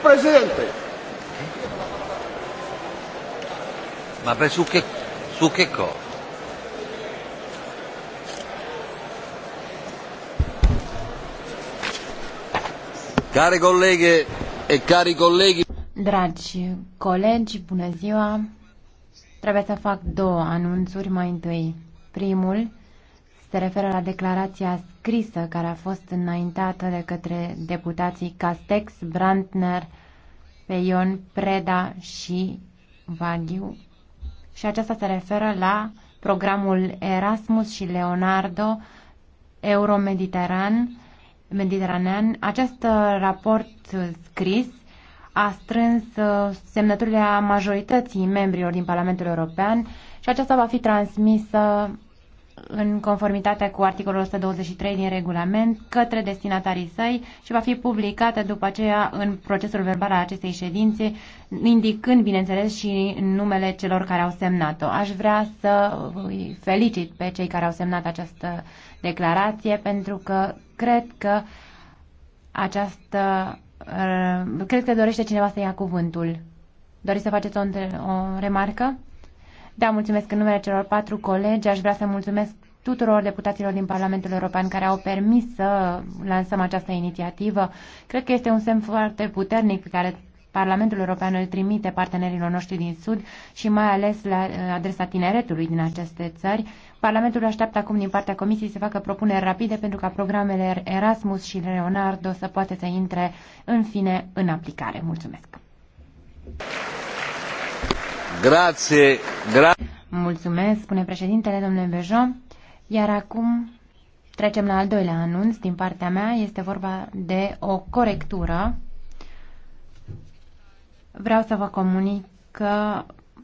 Presidente. Ma per su che, su che cosa? Care colleghe e cari colleghi. Dragi colegi, bună ziua. Trebuie să fac două anunțuri mai întâi. Primul, se referă la declarația scrisă care a fost înaintată de către deputații Castex, Brandner, Peion, Preda și Vagiu. Și aceasta se referă la programul Erasmus și Leonardo Euromediteran Mediteranean. Acest raport scris a strâns uh, semnăturile a majorității membrilor din Parlamentul European și aceasta va fi transmisă în conformitate cu articolul 123 din regulament către destinatarii săi și va fi publicată după aceea în procesul verbal al acestei ședințe, indicând, bineînțeles, și numele celor care au semnat-o. Aș vrea să îi felicit pe cei care au semnat această declarație pentru că cred că această cred că dorește cineva să ia cuvântul. Doriți să faceți o, o remarcă? Da, mulțumesc în numele celor patru colegi. Aș vrea să mulțumesc tuturor deputaților din Parlamentul European care au permis să lansăm această inițiativă. Cred că este un semn foarte puternic pe care Parlamentul European îl trimite partenerilor noștri din Sud și mai ales la adresa tineretului din aceste țări. Parlamentul așteaptă acum din partea Comisiei să facă propuneri rapide pentru ca programele Erasmus și Leonardo să poată să intre în fine în aplicare. Mulțumesc! Mulțumesc, spune președintele, domnule Bejo. Iar acum trecem la al doilea anunț din partea mea. Este vorba de o corectură. Vreau să vă comunic că